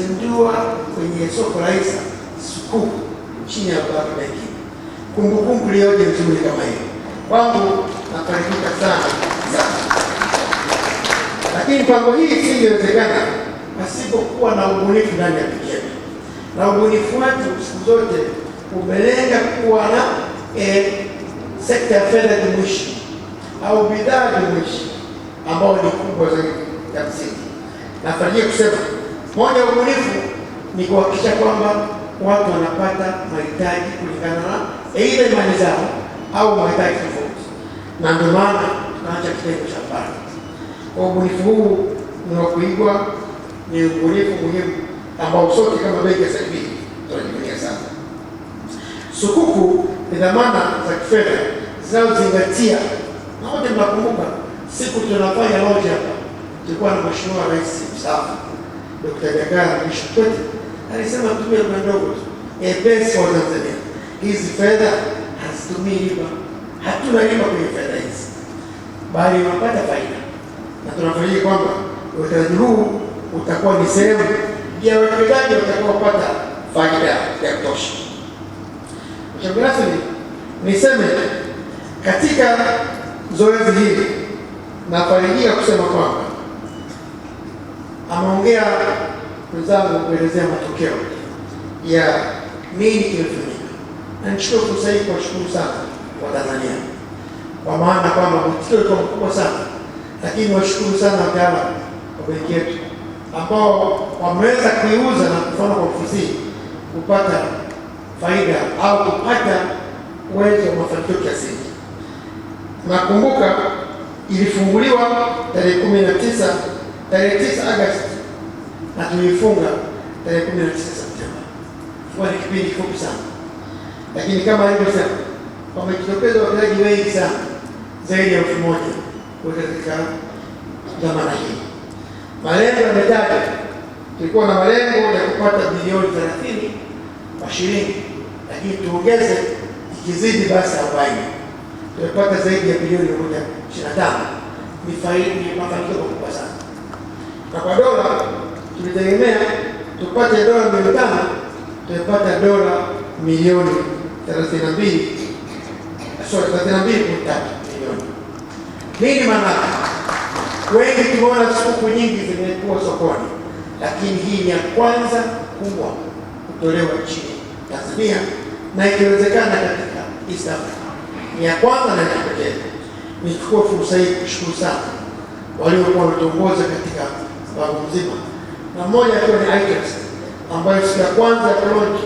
alizindua kwenye soko la Isa Sukuk chini ya Baraka Bank. Kumbukumbu lioje nzuri kama hiyo, kwangu nafarijika sana lakini mpango hii isingewezekana pasipokuwa na ubunifu ndani ya kijetu, na ubunifu wetu siku zote umelenga kuwa na eh, sekta ya fedha jumuishi au bidhaa jumuishi ambayo ni kubwa zaidi ya msingi. Nafarijia kusema moja ya ubunifu ni kuhakikisha kwamba watu wanapata mahitaji kulingana na aidha imani zao au mahitaji tofauti, na ndio maana tunaacha kitengo cha fani. Kwa ubunifu huu ni wa kuigwa, ni ubunifu muhimu ambao sote kama benki ya CRDB tunajivunia sana. Sukuku ni dhamana za kifedha zinazozingatia, na wote mnakumbuka siku tunafanya hoja hapa, tulikuwa na mheshimiwa rais mstaafu Dkt. Jakaya Mrisho Kikwete alisema tumie ndogo tu nyepesi wa Tanzania. Hizi fedha hazitumii riba, hatuna riba kwenye fedha hizi, bali unapata faida, na tunafarijia kwamba uwekezaji huu utakuwa ni sehemu ya wawekezaji watakaopata faida ya kutosha. Mshauri rasmi, niseme katika zoezi hili nafarijia kusema kwamba ameongea wenzangu kuelezea matokeo ya nini kimefanyika, na nichukue fursa hii kuwashukuru sana Watanzania kwa maana kwamba mwitikio ulikuwa mkubwa sana, lakini washukuru sana wataalamu wa benki yetu ambao wameweza kuiuza na kufanya kwa ofisii kupata faida au kupata uwezo wa mafanikio kiasi hiki. Nakumbuka ilifunguliwa tarehe kumi na tisa tarehe 9 Agosti na tulifunga tarehe 19 Septemba. Kwa ni kipindi kifupi sana, lakini kama alivyosema wamejitokeza wachezaji wengi sana zaidi ya elfu moja kuweza katika dhamana hii. Malengo yametaja, tulikuwa na malengo ya kupata bilioni 30 kwa shilingi, lakini tuongeze ikizidi basi 40. Tumepata zaidi ya bilioni 125. Ni faida, ni mafanikio makubwa sana na kwa dola tulitegemea tupate dola milioni tano tumepata dola milioni thelathini sorry, thelathini milioni. Nini maana? Wengi tumeona suku nyingi zimekuwa sokoni, lakini hii ni ya kwanza kubwa kutolewa nchini Tanzania na ikiwezekana katika East Africa ni ya kwanza na ya pekee. Nichukue fursa hii kushukuru sana waliokuwa wanatuongoza katika wangu mzima, na mmoja akiwa ni Ajax ambayo siku ya kwanza ya koloni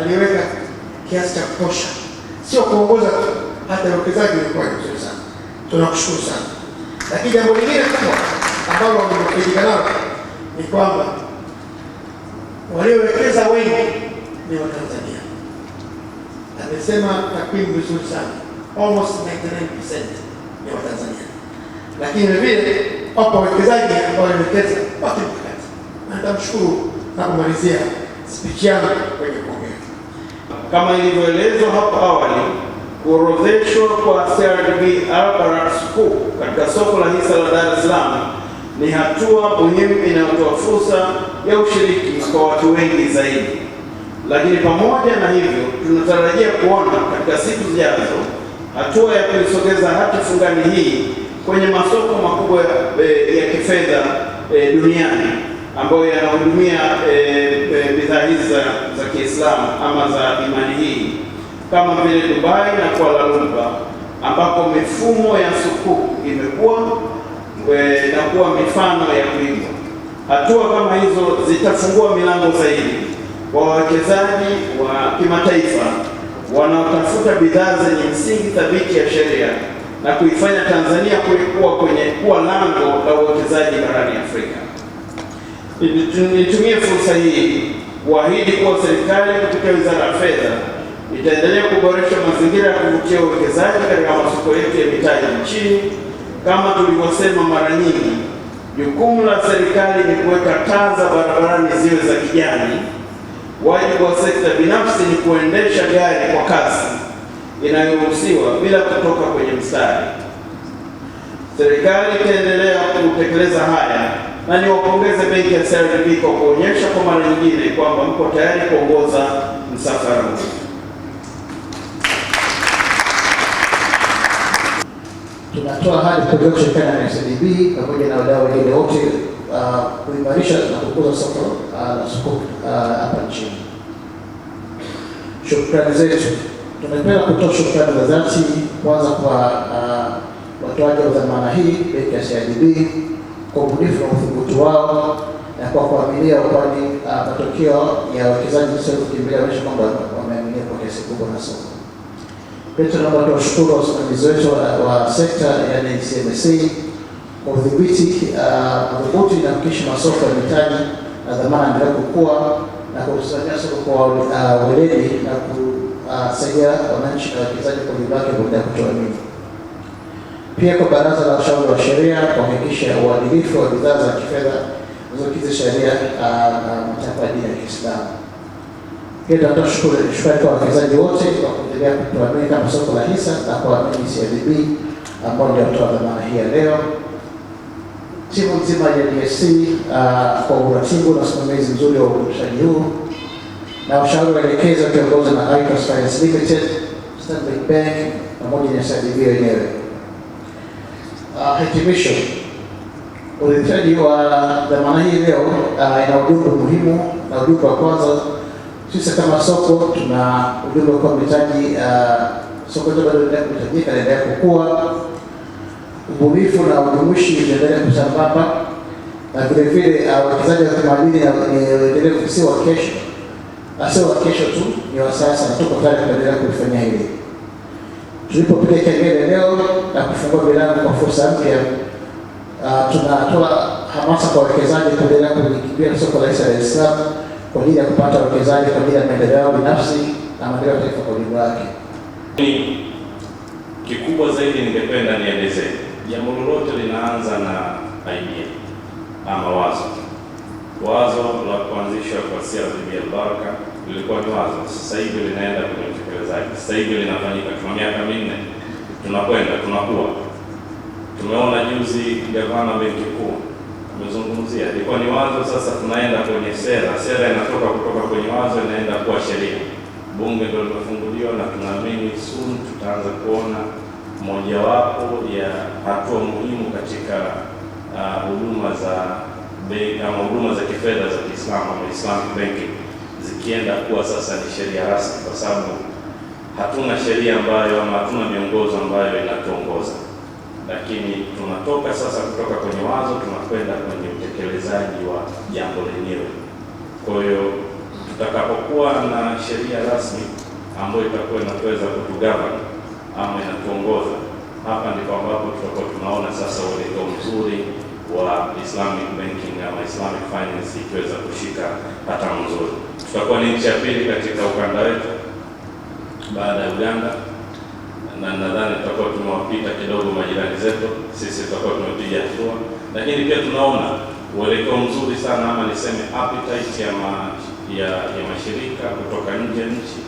aliweka kiasi cha kutosha, sio kuongoza tu, hata uwekezaji ulikuwa ni mzuri sana. Tunakushukuru sana, lakini jambo lingine kubwa ambalo wamefaidika nalo ni kwamba waliowekeza wengi ni Watanzania. Amesema takwimu vizuri sana, almost 99% ni Watanzania, lakini vile wapo wawekezaji ambao waliwekeza wake makazi. Na nitamshukuru na kumalizia spiki yangu kwenye kuongea. Kama ilivyoelezwa hapo awali, kuorodheshwa kwa CRDB Al Barak Sukuk katika soko la hisa la Dar es Salaam ni hatua muhimu inayotoa fursa ya ushiriki kwa watu wengi zaidi. Lakini pamoja na hivyo, tunatarajia kuona katika siku zijazo hatua ya kuisogeza hati fungani hii kwenye masoko makubwa ya, ya kifedha e, duniani ambayo yanahudumia bidhaa eh, e, eh, bidhaa hizi za, za Kiislamu ama za imani hii kama vile Dubai na Kuala Lumpur ambapo mifumo ya sukuku imekuwa e, na kuwa mifano ya kuigwa. Hatua kama hizo zitafungua milango zaidi kwa wawekezaji wa kimataifa wanaotafuta bidhaa zenye msingi thabiti ya sheria na kuifanya Tanzania kulikuwa kwenye kuwa lango la uwekezaji barani Afrika. Nitumie fursa hii kuahidi kuwa serikali kupitia Wizara ya Fedha itaendelea kuboresha mazingira ya kuvutia uwekezaji katika masoko yetu ya mitaji nchini. Kama tulivyosema mara nyingi, jukumu la serikali ni kuweka taa za barabarani ziwe za kijani. Wajibu wa sekta binafsi ni kuendesha gari kwa kasi inayoruhusiwa bila kutoka kwenye mstari. Serikali itaendelea kutekeleza haya, na niwapongeze benki ya CRDB kwa kuonyesha kwa mara nyingine kwamba mko tayari kuongoza msafara huu. Tunatoa hadi kutoka kushirikiana na CRDB pamoja na wadau wengine wote uh, kuimarisha na kukuza soko uh, la soko uh, hapa nchini. Shukrani zetu. Tunapenda kutoa shukrani za dhati kwanza kwa uh, watoaji wa dhamana hii benki ya CRDB kwa ubunifu na uthubutu wao na kwa kuaminia, kwani uh, matokeo ya wawekezaji kukimbilia wanaonyesha kwamba wameaminia kwa kiasi kubwa na soko. Pia tunaomba tuwashukuru wasimamizi wetu wa wa sekta yaani CMSA kwa udhibiti uh, madhubuti na kuhakikisha masoko ya mitaji na dhamana endelea kukua na kusimamia soko kwa uh, weledi na Ah, saidia wananchi na wawekezaji kwa ujumla wake kuendelea kutoa elimu. Pia kwa Baraza la Ushauri wa Sheria kuhakikisha uadilifu wa bidhaa za kifedha zinazokidhi sheria ah, na matakwa ya dini ya Kiislamu. Pia tunatoa shukrani kwa wawekezaji wote kwa kuendelea kutoa kutuamini kama soko la hisa na kwa kuamini CRDB ambao ndio watoa dhamana hii ya leo. Timu nzima ya DSC ah, kwa uratibu na usimamizi mzuri wa uendeshaji huu na ushauri waelekezi kiongozi na Icos Finance Limited, Stanbic Bank pamoja na CRDB wenyewe. Ah, hitimisho, uridhishaji wa dhamana hii leo ah, ina ujumbe muhimu, na ujumbe wa kwanza, sisi kama soko tuna ujumbe kwa mitaji ah, soko letu bado linahitajika, linaendelea kukua, ubunifu na ujumuishi unaendelea kusambamba, na vile vile wawekezaji wa kimadini waendelee eh, kusiwa kesho sio wa kesho tu, ni wa sasa, na tuko tayari kuendelea kulifanyia hili. Tulipopiga kelele leo na kufungua milango kwa fursa mpya, ah, tunatoa hamasa kwa wawekezaji kuendelea kulikimbia soko la Dar es Salaam kwa ajili ya kupata wawekezaji kwa ajili ya maendeleo binafsi na maendeleo ya taifa kwa ujumla wake. Kikubwa zaidi ningependa nieleze jambo lolote linaanza na idea ama wazo, wazo la kuanzishwa kwa Saida's Baraka lilikuwa ni wazo, sasa hivi linaenda kwenye utekelezaji, sasa hivi linafanyika. Tuna miaka minne, tunakwenda tunakuwa. Tumeona juzi gavana benki kuu tumezungumzia, ilikuwa ni wazo, sasa tunaenda kwenye sera. Sera inatoka kutoka kwenye wazo inaenda kuwa sheria. Bunge ndio limefunguliwa na tunaamini soon tutaanza kuona mojawapo ya hatua muhimu katika ah, huduma uh, za bei ama huduma za kifedha za Kiislamu ama Islamic banking zikienda kuwa sasa ni sheria rasmi, kwa sababu hatuna sheria ambayo ama hatuna miongozo ambayo inatuongoza, lakini tunatoka sasa kutoka kwenye wazo tunakwenda kwenye utekelezaji wa jambo lenyewe. Kwa hiyo tutakapokuwa na sheria rasmi ambayo itakuwa inatuweza kutugavana ama inatuongoza, hapa ndipo ambapo tutakuwa tunaona sasa uelekeo mzuri wa Islamic banking ama Islamic finance ikiweza kushika hatamu nzuri tutakuwa ni nchi ya pili katika ukanda wetu baada ya Uganda, na nadhani tutakuwa tumewapita kidogo majirani zetu. Sisi tutakuwa tumepiga hatua, lakini pia tunaona uelekeo mzuri sana ama niseme appetite ya, ma, ya, ya mashirika kutoka nje nchi,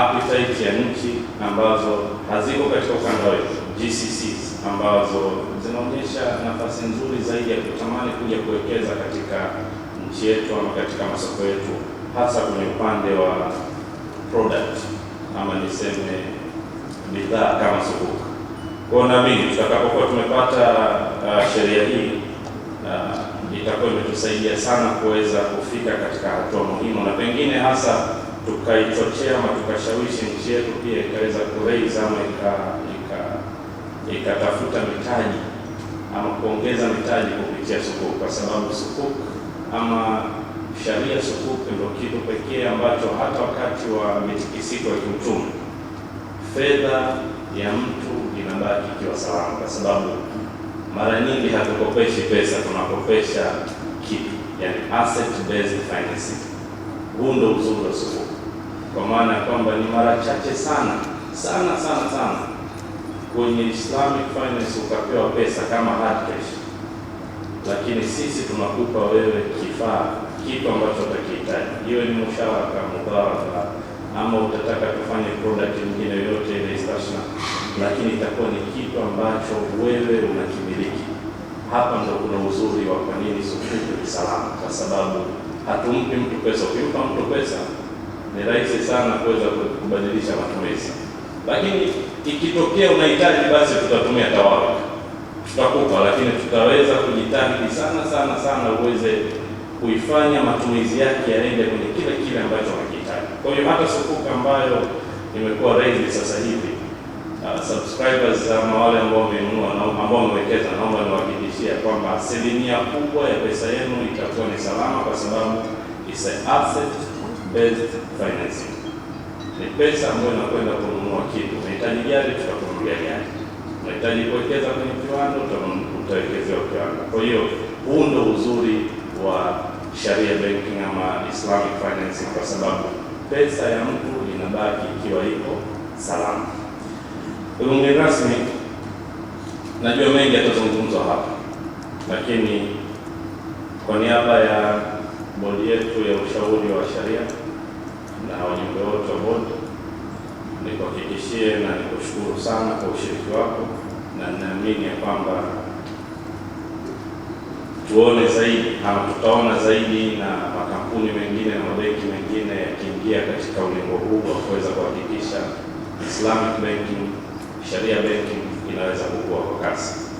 appetite ya nchi ambazo haziko katika ukanda wetu GCCs ambazo zinaonyesha nafasi nzuri zaidi ya kutamani kuja kuwekeza katika nchi yetu ama katika masoko yetu, hasa kwenye upande wa product ama niseme bidhaa kama subuka. Kwa naamini tutakapokuwa tumepata uh, sheria hii uh, itakuwa imetusaidia sana kuweza kufika katika hatua muhimu, na pengine hasa tukaichochea ama tukashawishi nchi yetu pia ikaweza kuraise ama ikatafuta mitaji ama kuongeza mitaji kupitia sukuk, kwa sababu sukuk ama sharia sukuku ndio kitu pekee ambacho hata wakati wa mitikisiko ya kiuchumi fedha ya mtu inabaki ikiwa salama, kwa sababu mara nyingi hatukopeshi pesa, tunakopesha kitu, yani asset based financing. Huu ndio uzuri wa sukuku, kwa maana ya kwamba ni mara chache sana sana sana sana kwenye Islamic finance ukapewa pesa kama hard cash lakini sisi tunakupa wewe kifaa kitu ambacho utakihitaji, iwe ni musharaka, mudharaba, ama utataka tufanye product nyingine yoyote ile istashna, lakini itakuwa ni kitu ambacho wewe unakimiliki. Hapa ndo kuna uzuri wa kwa nini sukuk ni salama, kwa sababu hatumpi mtu pesa. Ukimpa mtu pesa ni rahisi sana kuweza kubadilisha matumizi, lakini ikitokea unahitaji, basi tutatumia tawala tutakupa, lakini tutaweza kujitahidi sana sana sana uweze kuifanya matumizi yake yaende kwenye kile kile ambacho unakihitaji. Kwa hiyo hata sukuku ambayo imekuwa ready sasa hivi uh, subscribers ama wale ambao wamenunua ambao wamewekeza, naomba niwahakikishia kwamba asilimia kubwa ya pesa yenu itakuwa ni salama, kwa sababu is a asset based financing. Ni pesa ambayo inakwenda kununua kitu. Unahitaji gari, tutakununulia gari unahitaji kuwekeza kwenye kiwanda, utawekezewa kiwanda. Kwa hiyo huu ndo uzuri wa sharia banking ama Islamic financing, kwa sababu pesa ya mtu inabaki ikiwa iko salama. Mgeni rasmi, najua mengi yatazungumzwa hapa, lakini kwa niaba ya bodi yetu ya ushauri wa sharia na wajumbe wote wa bodi nikuhakikishie na nikushukuru sana kwa ushiriki wako, na ninaamini ya kwamba tuone zaidi au tutaona zaidi na makampuni mengine na mabenki mengine yakiingia katika ulingo huu wa kuweza kuhakikisha Islamic banking, Sharia banking inaweza kukua kwa kasi.